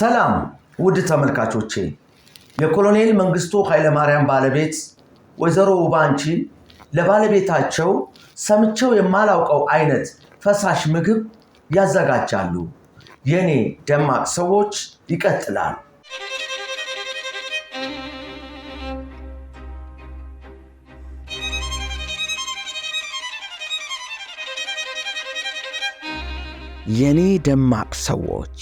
ሰላም ውድ ተመልካቾቼ፣ የኮሎኔል መንግስቱ ኃይለማርያም ባለቤት ወይዘሮ ውባንቺ ለባለቤታቸው ሰምቸው የማላውቀው አይነት ፈሳሽ ምግብ ያዘጋጃሉ። የኔ ደማቅ ሰዎች ይቀጥላል። የኔ ደማቅ ሰዎች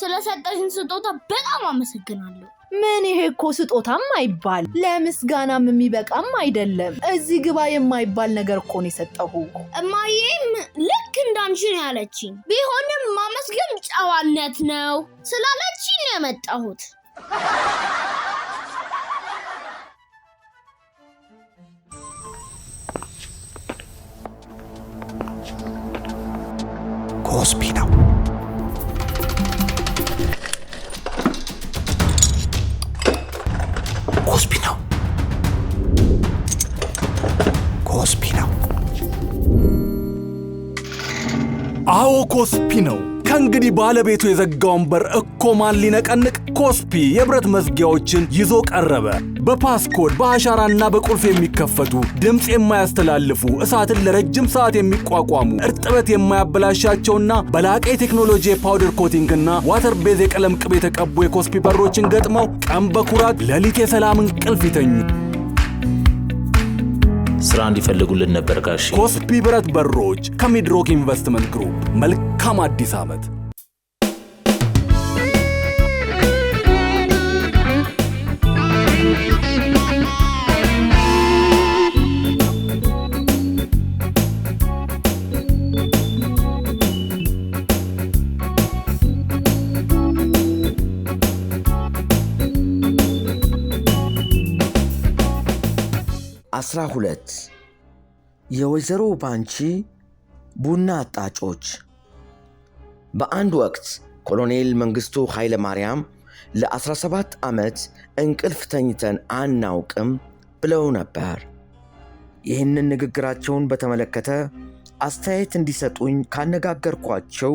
ስለሰጠሽን ስጦታ በጣም አመሰግናለሁ። ምን ይሄ እኮ ስጦታም አይባል ለምስጋናም የሚበቃም አይደለም። እዚህ ግባ የማይባል ነገር እኮ ነው የሰጠሁ። እማዬም ልክ እንዳንቺ ያለችኝ። ቢሆንም ማመስገን ጨዋነት ነው ስላለችኝ ነው የመጣሁት። ኮስፒ አዎ ኮስፒ ነው። ከእንግዲህ ባለቤቱ የዘጋውን በር እኮ ማን ሊነቀንቅ? ኮስፒ የብረት መዝጊያዎችን ይዞ ቀረበ። በፓስኮድ በአሻራና በቁልፍ የሚከፈቱ ድምፅ የማያስተላልፉ እሳትን ለረጅም ሰዓት የሚቋቋሙ እርጥበት የማያበላሻቸውና በላቀ የቴክኖሎጂ የፓውደር ኮቲንግና ዋተር ቤዝ የቀለም ቅብ የተቀቡ የኮስፒ በሮችን ገጥመው ቀን በኩራት ሌሊት የሰላም እንቅልፍ ይተኙ። ስራ እንዲፈልጉልን ነበር ጋሽ። ኮስፒ ብረት በሮች ከሚድሮክ ኢንቨስትመንት ግሩፕ። መልካም አዲስ ዓመት። 12 የወይዘሮ ባንቺ ቡና አጣጮች። በአንድ ወቅት ኮሎኔል መንግስቱ ኃይለ ማርያም ለ17 ዓመት እንቅልፍ ተኝተን አናውቅም ብለው ነበር። ይህንን ንግግራቸውን በተመለከተ አስተያየት እንዲሰጡኝ ካነጋገርኳቸው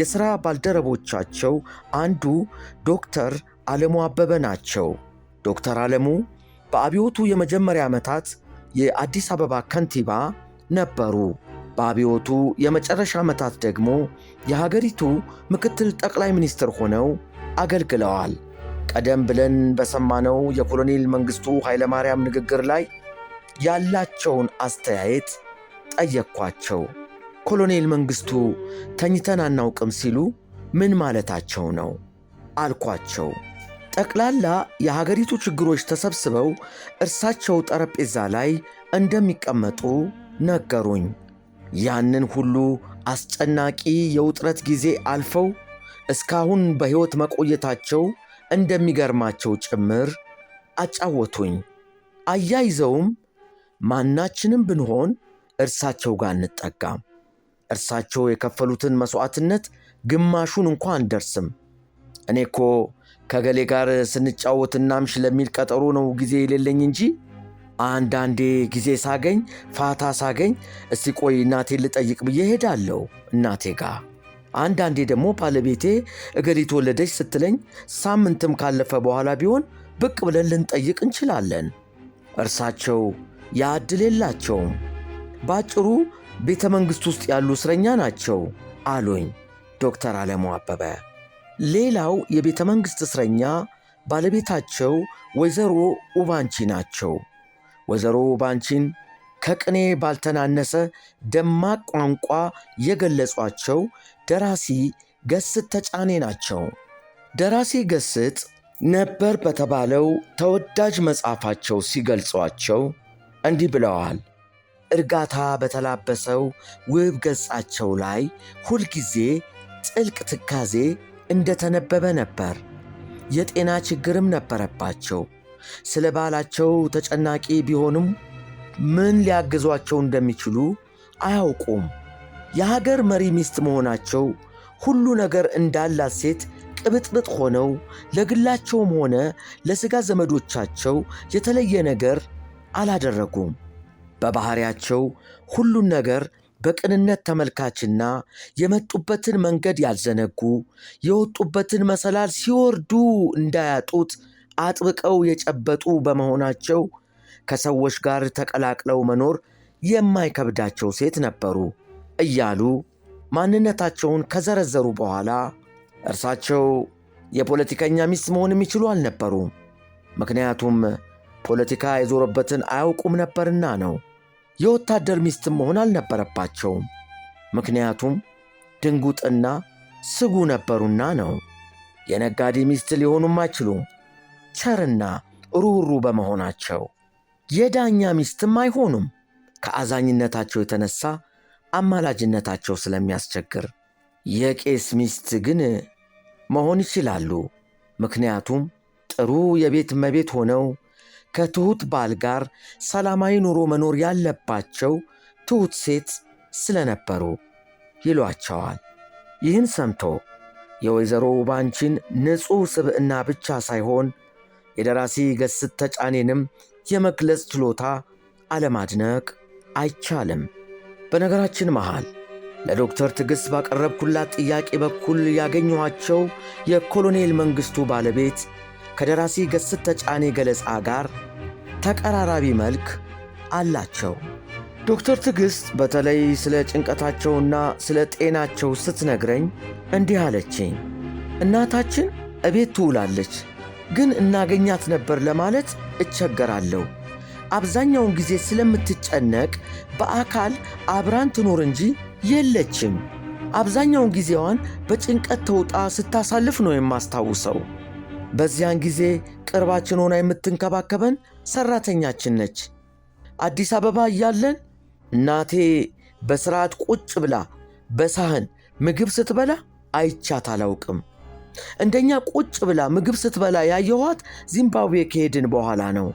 የሥራ ባልደረቦቻቸው አንዱ ዶክተር አለሙ አበበ ናቸው። ዶክተር አለሙ በአብዮቱ የመጀመሪያ ዓመታት የአዲስ አበባ ከንቲባ ነበሩ። በአብዮቱ የመጨረሻ ዓመታት ደግሞ የሀገሪቱ ምክትል ጠቅላይ ሚኒስትር ሆነው አገልግለዋል። ቀደም ብለን በሰማነው የኮሎኔል መንግሥቱ ኃይለማርያም ንግግር ላይ ያላቸውን አስተያየት ጠየቅኳቸው። ኮሎኔል መንግሥቱ ተኝተን አናውቅም ሲሉ ምን ማለታቸው ነው? አልኳቸው። ጠቅላላ የሀገሪቱ ችግሮች ተሰብስበው እርሳቸው ጠረጴዛ ላይ እንደሚቀመጡ ነገሩኝ። ያንን ሁሉ አስጨናቂ የውጥረት ጊዜ አልፈው እስካሁን በሕይወት መቆየታቸው እንደሚገርማቸው ጭምር አጫወቱኝ። አያይዘውም ማናችንም ብንሆን እርሳቸው ጋር እንጠጋም። እርሳቸው የከፈሉትን መሥዋዕትነት ግማሹን እንኳ አንደርስም። እኔ እኮ ከገሌ ጋር ስንጫወት እናምሽ ለሚል ቀጠሮ ነው ጊዜ የሌለኝ እንጂ አንዳንዴ ጊዜ ሳገኝ ፋታ ሳገኝ እስቲ ቆይ እናቴ ልጠይቅ ብዬ ሄዳለሁ እናቴ ጋር። አንዳንዴ ደግሞ ባለቤቴ እገሊት ወለደች ስትለኝ ሳምንትም ካለፈ በኋላ ቢሆን ብቅ ብለን ልንጠይቅ እንችላለን። እርሳቸው ያ ዕድል የላቸውም። በአጭሩ ቤተ መንግሥት ውስጥ ያሉ እስረኛ ናቸው አሉኝ ዶክተር አለሙ አበበ። ሌላው የቤተ መንግሥት እስረኛ ባለቤታቸው ወይዘሮ ኡባንቺ ናቸው። ወይዘሮ ኡባንቺን ከቅኔ ባልተናነሰ ደማቅ ቋንቋ የገለጿቸው ደራሲ ገስጥ ተጫኔ ናቸው። ደራሲ ገስጥ ነበር በተባለው ተወዳጅ መጽሐፋቸው ሲገልጿቸው እንዲህ ብለዋል። እርጋታ በተላበሰው ውብ ገጻቸው ላይ ሁልጊዜ ጥልቅ ትካዜ እንደተነበበ ነበር። የጤና ችግርም ነበረባቸው። ስለ ባላቸው ተጨናቂ ቢሆኑም ምን ሊያግዟቸው እንደሚችሉ አያውቁም። የሀገር መሪ ሚስት መሆናቸው ሁሉ ነገር እንዳላት ሴት ቅብጥብጥ ሆነው ለግላቸውም ሆነ ለሥጋ ዘመዶቻቸው የተለየ ነገር አላደረጉም። በባሕሪያቸው ሁሉን ነገር በቅንነት ተመልካችና የመጡበትን መንገድ ያልዘነጉ የወጡበትን መሰላል ሲወርዱ እንዳያጡት አጥብቀው የጨበጡ በመሆናቸው ከሰዎች ጋር ተቀላቅለው መኖር የማይከብዳቸው ሴት ነበሩ እያሉ ማንነታቸውን ከዘረዘሩ በኋላ እርሳቸው የፖለቲከኛ ሚስት መሆን የሚችሉ አልነበሩም። ምክንያቱም ፖለቲካ የዞረበትን አያውቁም ነበርና ነው። የወታደር ሚስት መሆን አልነበረባቸውም። ምክንያቱም ድንጉጥና ስጉ ነበሩና ነው። የነጋዴ ሚስት ሊሆኑም አይችሉም፣ ቸርና ሩኅሩ በመሆናቸው። የዳኛ ሚስትም አይሆኑም፣ ከአዛኝነታቸው የተነሳ አማላጅነታቸው ስለሚያስቸግር። የቄስ ሚስት ግን መሆን ይችላሉ፣ ምክንያቱም ጥሩ የቤት እመቤት ሆነው ከትሑት ባል ጋር ሰላማዊ ኑሮ መኖር ያለባቸው ትሑት ሴት ስለነበሩ ይሏቸዋል። ይህን ሰምቶ የወይዘሮ ውባንቺን ንጹሕ ስብዕና ብቻ ሳይሆን የደራሲ ገስት ተጫኔንም የመግለጽ ችሎታ አለማድነቅ አይቻልም። በነገራችን መሃል ለዶክተር ትዕግሥት ባቀረብኩላት ጥያቄ በኩል ያገኘኋቸው የኮሎኔል መንግሥቱ ባለቤት ከደራሲ ገስት ተጫኔ ገለጻ ጋር ተቀራራቢ መልክ አላቸው። ዶክተር ትዕግሥት በተለይ ስለ ጭንቀታቸውና ስለ ጤናቸው ስትነግረኝ እንዲህ አለችኝ። እናታችን እቤት ትውላለች፣ ግን እናገኛት ነበር ለማለት እቸገራለሁ። አብዛኛውን ጊዜ ስለምትጨነቅ በአካል አብራን ትኖር እንጂ የለችም። አብዛኛውን ጊዜዋን በጭንቀት ተውጣ ስታሳልፍ ነው የማስታውሰው። በዚያን ጊዜ ቅርባችን ሆና የምትንከባከበን ሰራተኛችን ነች። አዲስ አበባ እያለን እናቴ በስርዓት ቁጭ ብላ በሳህን ምግብ ስትበላ አይቻት አላውቅም። እንደኛ ቁጭ ብላ ምግብ ስትበላ ያየኋት ዚምባብዌ ከሄድን በኋላ ነው።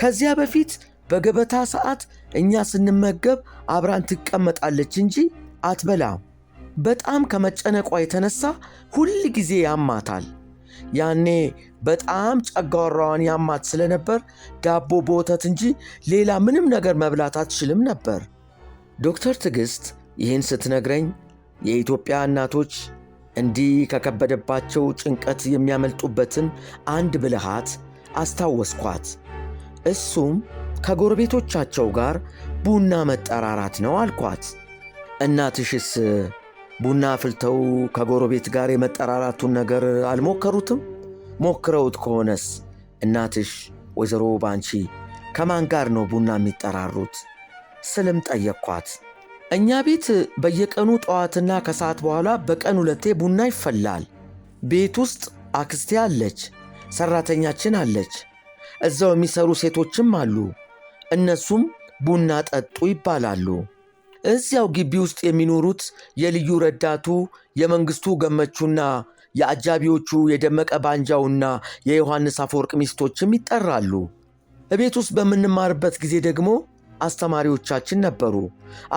ከዚያ በፊት በገበታ ሰዓት እኛ ስንመገብ አብራን ትቀመጣለች እንጂ አትበላ በጣም ከመጨነቋ የተነሳ ሁል ጊዜ ያማታል። ያኔ በጣም ጨጓራዋን ያማት ስለነበር ዳቦ በወተት እንጂ ሌላ ምንም ነገር መብላት አትችልም ነበር። ዶክተር ትዕግስት ይህን ስትነግረኝ የኢትዮጵያ እናቶች እንዲህ ከከበደባቸው ጭንቀት የሚያመልጡበትን አንድ ብልሃት አስታወስኳት። እሱም ከጎረቤቶቻቸው ጋር ቡና መጠራራት ነው አልኳት። እናትሽስ ቡና አፍልተው ከጎረቤት ጋር የመጠራራቱን ነገር አልሞከሩትም? ሞክረውት ከሆነስ እናትሽ ወይዘሮ ባንቺ ከማን ጋር ነው ቡና የሚጠራሩት ስልም ጠየቅኳት። እኛ ቤት በየቀኑ ጠዋትና ከሰዓት በኋላ በቀን ሁለቴ ቡና ይፈላል። ቤት ውስጥ አክስቴ አለች፣ ሠራተኛችን አለች፣ እዛው የሚሠሩ ሴቶችም አሉ። እነሱም ቡና ጠጡ ይባላሉ። እዚያው ግቢ ውስጥ የሚኖሩት የልዩ ረዳቱ የመንግስቱ ገመቹና የአጃቢዎቹ የደመቀ ባንጃውና የዮሐንስ አፈወርቅ ሚስቶችም ይጠራሉ። እቤት ውስጥ በምንማርበት ጊዜ ደግሞ አስተማሪዎቻችን ነበሩ።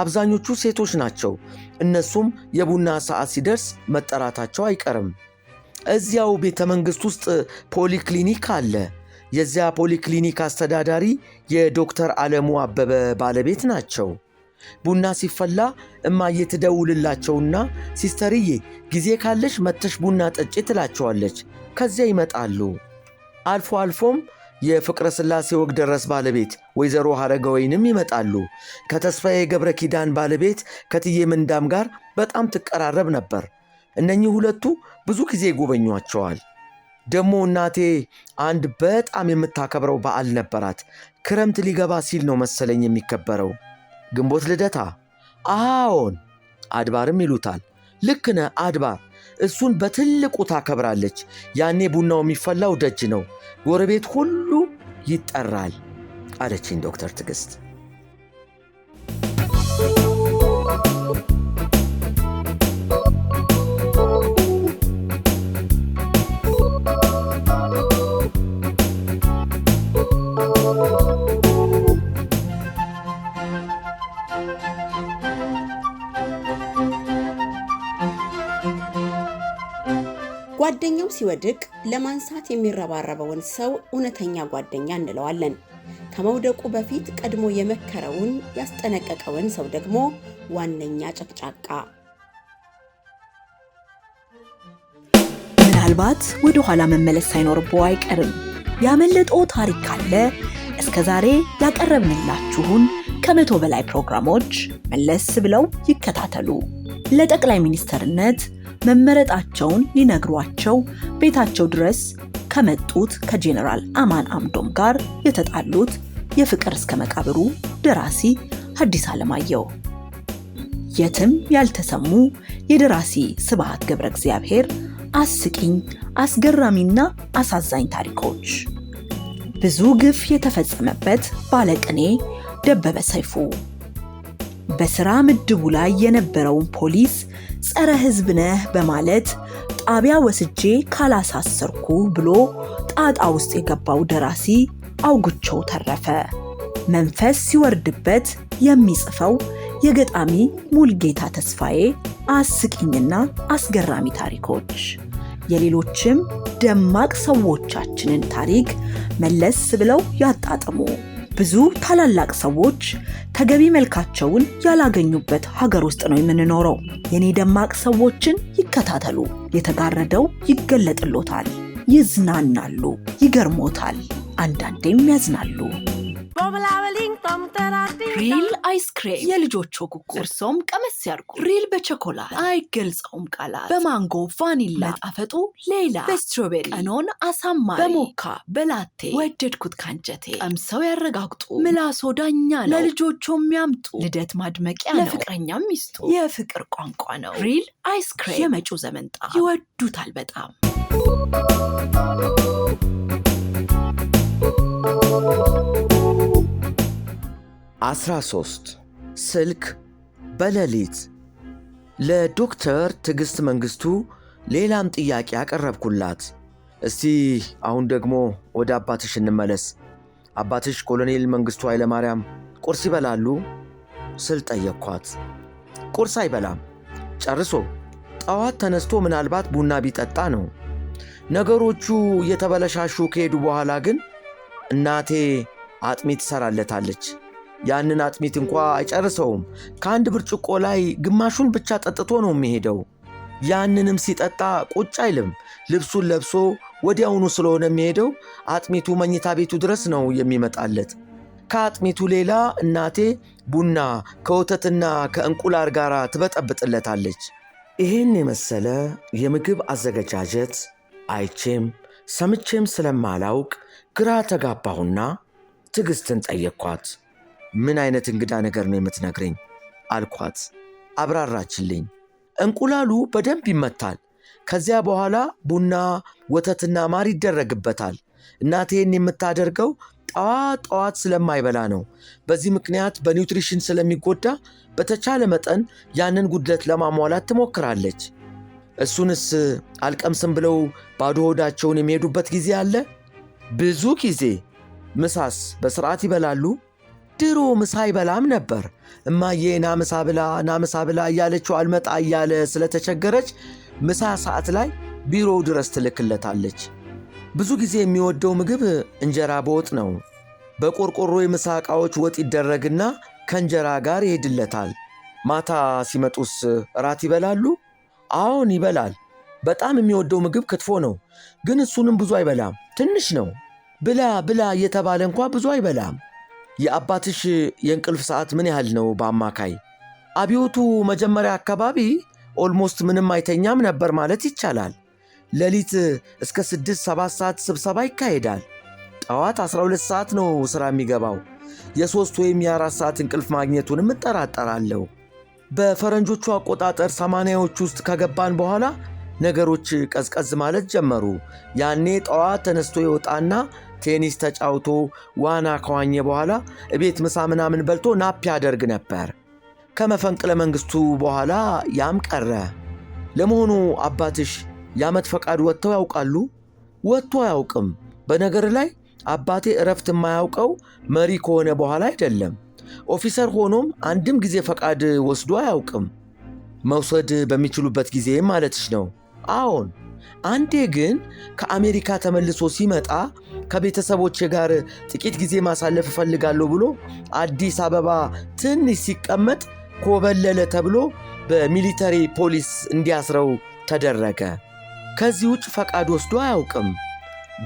አብዛኞቹ ሴቶች ናቸው። እነሱም የቡና ሰዓት ሲደርስ መጠራታቸው አይቀርም። እዚያው ቤተ መንግሥት ውስጥ ፖሊክሊኒክ አለ። የዚያ ፖሊክሊኒክ አስተዳዳሪ የዶክተር ዓለሙ አበበ ባለቤት ናቸው። ቡና ሲፈላ እማዬ ትደውልላቸውና ሲስተርዬ ጊዜ ካለሽ መተሽ ቡና ጠጪ ትላቸዋለች። ከዚያ ይመጣሉ። አልፎ አልፎም የፍቅረ ሥላሴ ወግ ደረስ ባለቤት ወይዘሮ ወይንም ይመጣሉ። ከተስፋዬ ገብረ ኪዳን ባለቤት ከትዬ ምንዳም ጋር በጣም ትቀራረብ ነበር። እነኚህ ሁለቱ ብዙ ጊዜ ይጎበኟቸዋል። ደግሞ እናቴ አንድ በጣም የምታከብረው በዓል ነበራት። ክረምት ሊገባ ሲል ነው መሰለኝ የሚከበረው ግንቦት ልደታ አዎን፣ አድባርም ይሉታል። ልክነ አድባር። እሱን በትልቁ ታከብራለች። ያኔ ቡናው የሚፈላው ደጅ ነው። ጎረቤት ሁሉ ይጠራል አለችኝ ዶክተር ትግስት። ጓደኛው ሲወድቅ ለማንሳት የሚረባረበውን ሰው እውነተኛ ጓደኛ እንለዋለን። ከመውደቁ በፊት ቀድሞ የመከረውን ያስጠነቀቀውን ሰው ደግሞ ዋነኛ ጨቅጫቃ። ምናልባት ወደ ኋላ መመለስ ሳይኖርብዎ አይቀርም። ያመለጦ ታሪክ ካለ እስከ ዛሬ ያቀረብንላችሁን ከመቶ በላይ ፕሮግራሞች መለስ ብለው ይከታተሉ። ለጠቅላይ ሚኒስትርነት መመረጣቸውን ሊነግሯቸው ቤታቸው ድረስ ከመጡት ከጄኔራል አማን አምዶም ጋር የተጣሉት የፍቅር እስከ መቃብሩ ደራሲ ሐዲስ ዓለማየሁ የትም ያልተሰሙ የደራሲ ስብሃት ገብረ እግዚአብሔር አስቂኝ አስገራሚና አሳዛኝ ታሪኮች ብዙ ግፍ የተፈጸመበት ባለቅኔ ደበበ ሰይፉ በሥራ ምድቡ ላይ የነበረውን ፖሊስ ጸረ ህዝብ ነህ በማለት ጣቢያ ወስጄ ካላሳሰርኩ ብሎ ጣጣ ውስጥ የገባው ደራሲ አውግቸው ተረፈ መንፈስ ሲወርድበት የሚጽፈው የገጣሚ ሙልጌታ ተስፋዬ አስቂኝና አስገራሚ ታሪኮች የሌሎችም ደማቅ ሰዎቻችንን ታሪክ መለስ ብለው ያጣጥሙ። ብዙ ታላላቅ ሰዎች ተገቢ መልካቸውን ያላገኙበት ሀገር ውስጥ ነው የምንኖረው። የኔ ደማቅ ሰዎችን ይከታተሉ። የተጋረደው ይገለጥሎታል፣ ይዝናናሉ፣ ይገርሞታል፣ አንዳንዴም ያዝናሉ። ሪል አይስክሬም የልጆቹ ጉጉ፣ እርሶም ቀመስ ያርጉ። ሪል በቸኮላት አይገልጸውም ቃላት፣ በማንጎ ቫኒላ ጣፈጡ ሌላ፣ በስትሮቤሪ ቀኖን አሳማሪ፣ በሞካ በላቴ ወደድኩት ካንጀቴ። ቀምሰው ያረጋግጡ፣ ምላሶ ዳኛ ነው። ለልጆቹ የሚያምጡ ልደት ማድመቂያ ነው፣ ለፍቅረኛም ሚስጡ የፍቅር ቋንቋ ነው። ሪል አይስክሬም የመጪው ዘመን ጣ ይወዱታል በጣም። Thank you. 13 ስልክ በሌሊት ለዶክተር ትዕግስት መንግስቱ ሌላም ጥያቄ አቀረብኩላት። እስቲ አሁን ደግሞ ወደ አባትሽ እንመለስ። አባትሽ ኮሎኔል መንግስቱ ኃይለማርያም ቁርስ ይበላሉ ስል ጠየቅኳት። ቁርስ አይበላም ጨርሶ፣ ጠዋት ተነስቶ ምናልባት ቡና ቢጠጣ ነው። ነገሮቹ እየተበለሻሹ ከሄዱ በኋላ ግን እናቴ አጥሚት ትሰራለታለች። ያንን አጥሚት እንኳ አይጨርሰውም። ከአንድ ብርጭቆ ላይ ግማሹን ብቻ ጠጥቶ ነው የሚሄደው። ያንንም ሲጠጣ ቁጭ አይልም። ልብሱን ለብሶ ወዲያውኑ ስለሆነ የሚሄደው አጥሚቱ መኝታ ቤቱ ድረስ ነው የሚመጣለት። ከአጥሚቱ ሌላ እናቴ ቡና ከወተትና ከእንቁላል ጋር ትበጠብጥለታለች። ይሄን የመሰለ የምግብ አዘገጃጀት አይቼም ሰምቼም ስለማላውቅ ግራ ተጋባሁና ትዕግሥትን ጠየቅኳት። ምን አይነት እንግዳ ነገር ነው የምትነግረኝ? አልኳት። አብራራችልኝ። እንቁላሉ በደንብ ይመታል። ከዚያ በኋላ ቡና፣ ወተትና ማር ይደረግበታል። እናቴን የምታደርገው ጠዋት ጠዋት ስለማይበላ ነው። በዚህ ምክንያት በኒውትሪሽን ስለሚጎዳ በተቻለ መጠን ያንን ጉድለት ለማሟላት ትሞክራለች። እሱንስ አልቀምስም ብለው ባዶ ሆዳቸውን የሚሄዱበት ጊዜ አለ። ብዙ ጊዜ ምሳስ በስርዓት ይበላሉ። ድሮ ምሳ አይበላም ነበር። እማዬ ናምሳ ብላ ናምሳ ብላ እያለችው አልመጣ እያለ ስለተቸገረች ምሳ ሰዓት ላይ ቢሮው ድረስ ትልክለታለች። ብዙ ጊዜ የሚወደው ምግብ እንጀራ በወጥ ነው። በቆርቆሮ የምሳ ዕቃዎች ወጥ ይደረግና ከእንጀራ ጋር ይሄድለታል። ማታ ሲመጡስ እራት ይበላሉ? አዎን ይበላል። በጣም የሚወደው ምግብ ክትፎ ነው። ግን እሱንም ብዙ አይበላም። ትንሽ ነው። ብላ ብላ እየተባለ እንኳ ብዙ አይበላም። የአባትሽ የእንቅልፍ ሰዓት ምን ያህል ነው በአማካይ? አብዮቱ መጀመሪያ አካባቢ ኦልሞስት ምንም አይተኛም ነበር ማለት ይቻላል። ሌሊት እስከ ስድስት ሰባት ሰዓት ስብሰባ ይካሄዳል። ጠዋት 12 ሰዓት ነው ሥራ የሚገባው። የሦስት ወይም የአራት ሰዓት እንቅልፍ ማግኘቱንም እጠራጠራለሁ። በፈረንጆቹ አቆጣጠር ሰማንያዎች ውስጥ ከገባን በኋላ ነገሮች ቀዝቀዝ ማለት ጀመሩ። ያኔ ጠዋት ተነስቶ ይወጣና ቴኒስ ተጫውቶ ዋና ከዋኘ በኋላ እቤት ምሳ ምናምን በልቶ ናፕ ያደርግ ነበር። ከመፈንቅለ መንግሥቱ በኋላ ያም ቀረ። ለመሆኑ አባትሽ የዓመት ፈቃድ ወጥተው ያውቃሉ? ወጥቶ አያውቅም። በነገር ላይ አባቴ እረፍት የማያውቀው መሪ ከሆነ በኋላ አይደለም። ኦፊሰር ሆኖም አንድም ጊዜ ፈቃድ ወስዶ አያውቅም። መውሰድ በሚችሉበት ጊዜ ማለትሽ ነው? አዎን። አንዴ ግን ከአሜሪካ ተመልሶ ሲመጣ ከቤተሰቦቼ ጋር ጥቂት ጊዜ ማሳለፍ እፈልጋለሁ ብሎ አዲስ አበባ ትንሽ ሲቀመጥ ኮበለለ ተብሎ በሚሊተሪ ፖሊስ እንዲያስረው ተደረገ። ከዚህ ውጭ ፈቃድ ወስዶ አያውቅም።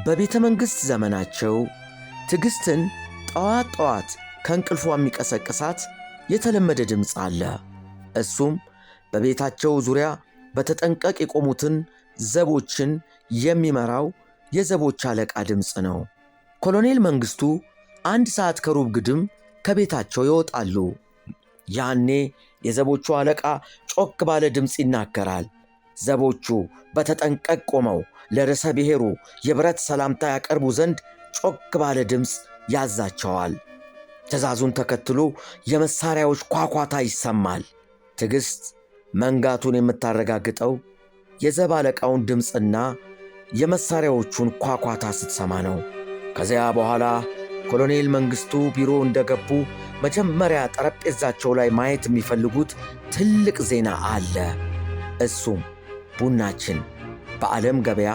በቤተ መንግሥት ዘመናቸው ትዕግሥትን ጠዋት ጠዋት ከእንቅልፏ የሚቀሰቅሳት የተለመደ ድምፅ አለ። እሱም በቤታቸው ዙሪያ በተጠንቀቅ የቆሙትን ዘቦችን የሚመራው የዘቦች አለቃ ድምፅ ነው። ኮሎኔል መንግስቱ አንድ ሰዓት ከሩብ ግድም ከቤታቸው ይወጣሉ። ያኔ የዘቦቹ አለቃ ጮክ ባለ ድምፅ ይናገራል። ዘቦቹ በተጠንቀቅ ቆመው ለርዕሰ ብሔሩ የብረት ሰላምታ ያቀርቡ ዘንድ ጮክ ባለ ድምፅ ያዛቸዋል። ትዕዛዙን ተከትሎ የመሳሪያዎች ኳኳታ ይሰማል። ትዕግሥት መንጋቱን የምታረጋግጠው የዘብ አለቃውን ድምፅና የመሣሪያዎቹን ኳኳታ ስትሰማ ነው። ከዚያ በኋላ ኮሎኔል መንግሥቱ ቢሮ እንደገቡ መጀመሪያ ጠረጴዛቸው ላይ ማየት የሚፈልጉት ትልቅ ዜና አለ። እሱም ቡናችን በዓለም ገበያ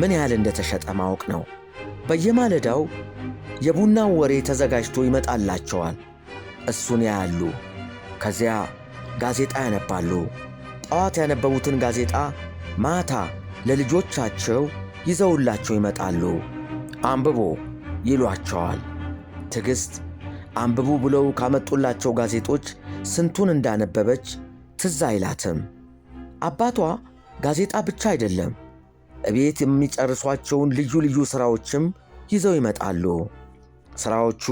ምን ያህል እንደተሸጠ ማወቅ ነው። በየማለዳው የቡናው ወሬ ተዘጋጅቶ ይመጣላቸዋል። እሱን ያያሉ። ከዚያ ጋዜጣ ያነባሉ። ጠዋት ያነበቡትን ጋዜጣ ማታ ለልጆቻቸው ይዘውላቸው ይመጣሉ። አንብቦ ይሏቸዋል። ትዕግሥት አንብቡ ብለው ካመጡላቸው ጋዜጦች ስንቱን እንዳነበበች ትዝ አይላትም። አባቷ ጋዜጣ ብቻ አይደለም፣ እቤት የሚጨርሷቸውን ልዩ ልዩ ሥራዎችም ይዘው ይመጣሉ። ሥራዎቹ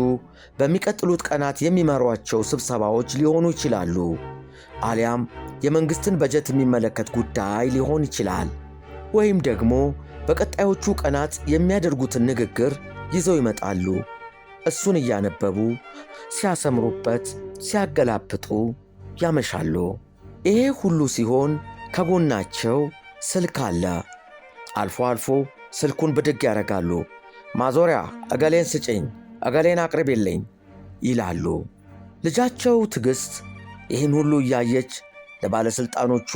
በሚቀጥሉት ቀናት የሚመሯቸው ስብሰባዎች ሊሆኑ ይችላሉ አሊያም የመንግስትን በጀት የሚመለከት ጉዳይ ሊሆን ይችላል። ወይም ደግሞ በቀጣዮቹ ቀናት የሚያደርጉትን ንግግር ይዘው ይመጣሉ። እሱን እያነበቡ ሲያሰምሩበት፣ ሲያገላብጡ ያመሻሉ። ይሄ ሁሉ ሲሆን ከጎናቸው ስልክ አለ። አልፎ አልፎ ስልኩን ብድግ ያደርጋሉ። ማዞሪያ እገሌን ስጭኝ፣ እገሌን አቅርቤልኝ ይላሉ። ልጃቸው ትዕግሥት ይህን ሁሉ እያየች ለባለሥልጣኖቹ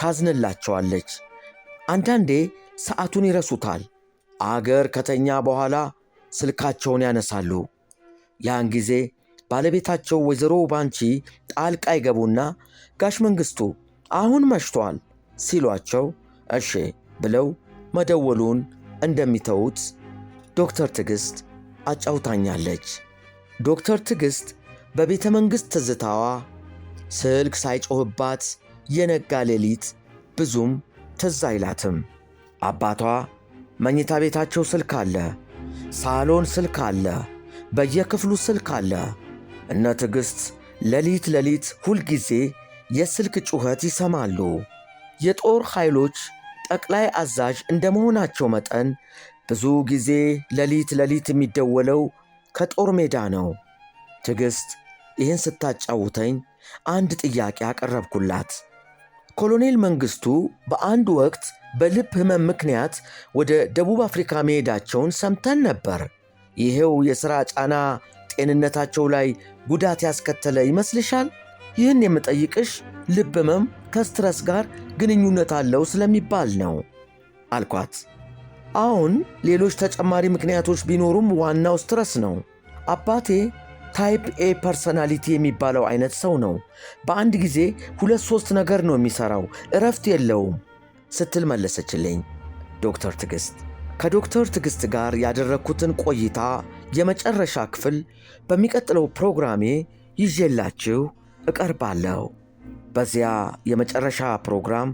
ታዝንላቸዋለች። አንዳንዴ ሰዓቱን ይረሱታል። አገር ከተኛ በኋላ ስልካቸውን ያነሳሉ። ያን ጊዜ ባለቤታቸው ወይዘሮ ባንቺ ጣልቃ ይገቡና ጋሽ መንግሥቱ አሁን መሽቷል ሲሏቸው እሺ ብለው መደወሉን እንደሚተውት ዶክተር ትዕግሥት አጫውታኛለች። ዶክተር ትዕግሥት በቤተ መንግሥት ትዝታዋ ስልክ ሳይጮህባት የነጋ ሌሊት ብዙም ትዝ አይላትም። አባቷ መኝታ ቤታቸው ስልክ አለ፣ ሳሎን ስልክ አለ፣ በየክፍሉ ስልክ አለ። እነ ትዕግሥት ሌሊት ሌሊት ሁልጊዜ የስልክ ጩኸት ይሰማሉ። የጦር ኃይሎች ጠቅላይ አዛዥ እንደ መሆናቸው መጠን ብዙ ጊዜ ሌሊት ሌሊት የሚደወለው ከጦር ሜዳ ነው። ትዕግሥት ይህን ስታጫውተኝ አንድ ጥያቄ አቀረብኩላት። ኮሎኔል መንግስቱ በአንድ ወቅት በልብ ህመም ምክንያት ወደ ደቡብ አፍሪካ መሄዳቸውን ሰምተን ነበር። ይሄው የሥራ ጫና ጤንነታቸው ላይ ጉዳት ያስከተለ ይመስልሻል? ይህን የምጠይቅሽ ልብ ህመም ከስትረስ ጋር ግንኙነት አለው ስለሚባል ነው አልኳት። አሁን ሌሎች ተጨማሪ ምክንያቶች ቢኖሩም ዋናው ስትረስ ነው። አባቴ ታይፕ ኤ ፐርሰናሊቲ የሚባለው አይነት ሰው ነው። በአንድ ጊዜ ሁለት ሶስት ነገር ነው የሚሰራው፣ እረፍት የለውም ስትል መለሰችልኝ ዶክተር ትዕግስት። ከዶክተር ትዕግስት ጋር ያደረግኩትን ቆይታ የመጨረሻ ክፍል በሚቀጥለው ፕሮግራሜ ይዤላችሁ እቀርባለሁ። በዚያ የመጨረሻ ፕሮግራም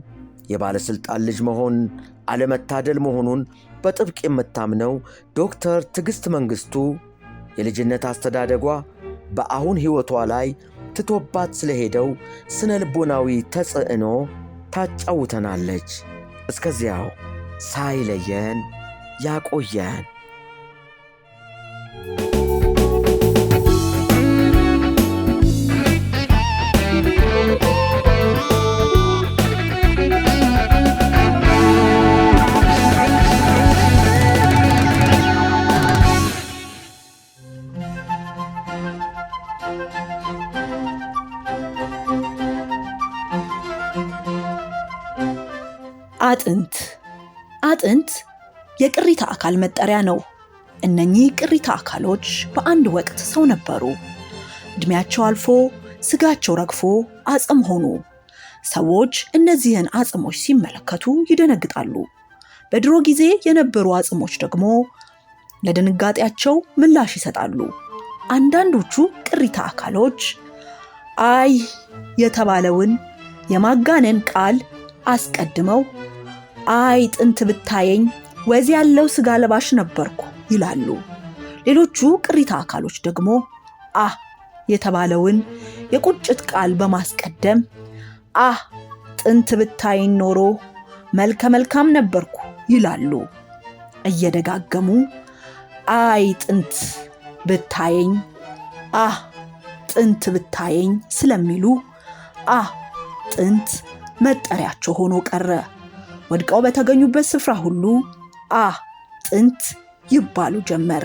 የባለሥልጣን ልጅ መሆን አለመታደል መሆኑን በጥብቅ የምታምነው ዶክተር ትዕግስት መንግሥቱ የልጅነት አስተዳደጓ በአሁን ሕይወቷ ላይ ትቶባት ስለሄደው ስነ ልቦናዊ ተጽዕኖ ታጫውተናለች። እስከዚያው ሳይለየን ያቆየን። አጥንት አጥንት የቅሪተ አካል መጠሪያ ነው። እነኚህ ቅሪተ አካሎች በአንድ ወቅት ሰው ነበሩ። እድሜያቸው አልፎ ስጋቸው ረግፎ አጽም ሆኑ። ሰዎች እነዚህን አጽሞች ሲመለከቱ ይደነግጣሉ። በድሮ ጊዜ የነበሩ አጽሞች ደግሞ ለድንጋጤያቸው ምላሽ ይሰጣሉ። አንዳንዶቹ ቅሪተ አካሎች አይ የተባለውን የማጋነን ቃል አስቀድመው አይ ጥንት ብታየኝ ወዝ ያለው ስጋ ለባሽ ነበርኩ ይላሉ። ሌሎቹ ቅሪታ አካሎች ደግሞ አህ የተባለውን የቁጭት ቃል በማስቀደም አህ ጥንት ብታይኝ ኖሮ መልከ መልካም ነበርኩ ይላሉ። እየደጋገሙ አይ ጥንት ብታየኝ፣ አህ ጥንት ብታየኝ ስለሚሉ አህ ጥንት መጠሪያቸው ሆኖ ቀረ። ወድቀው በተገኙበት ስፍራ ሁሉ አ ጥንት ይባሉ ጀመር።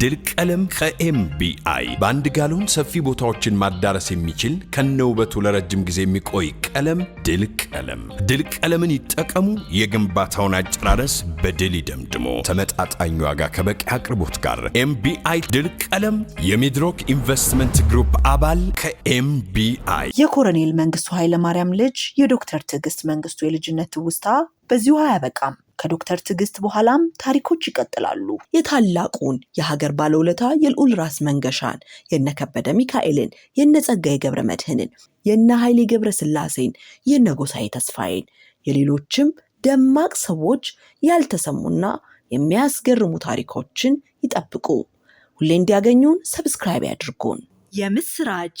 ድል ቀለም ከኤምቢአይ በአንድ ጋሎን ሰፊ ቦታዎችን ማዳረስ የሚችል ከነውበቱ ለረጅም ጊዜ የሚቆይ ቀለም ድል ቀለም። ድል ቀለምን ይጠቀሙ። የግንባታውን አጨራረስ በድል ይደምድሞ። ተመጣጣኝ ዋጋ ከበቂ አቅርቦት ጋር ኤምቢአይ ድል ቀለም የሚድሮክ ኢንቨስትመንት ግሩፕ አባል ከኤምቢአይ። የኮሎኔል መንግስቱ ኃይለማርያም ልጅ የዶክተር ትዕግስት መንግስቱ የልጅነት ትውስታ በዚሁ አያበቃም። ከዶክተር ትዕግስት በኋላም ታሪኮች ይቀጥላሉ። የታላቁን የሀገር ባለውለታ የልዑል ራስ መንገሻን፣ የነከበደ ሚካኤልን፣ የነጸጋዬ ገብረ መድህንን፣ የነ ኃይሌ ገብረ ስላሴን፣ የነ ጎሳዬ ተስፋዬን፣ የሌሎችም ደማቅ ሰዎች ያልተሰሙና የሚያስገርሙ ታሪኮችን ይጠብቁ። ሁሌ እንዲያገኙን ሰብስክራይብ ያድርጉን። የምስራች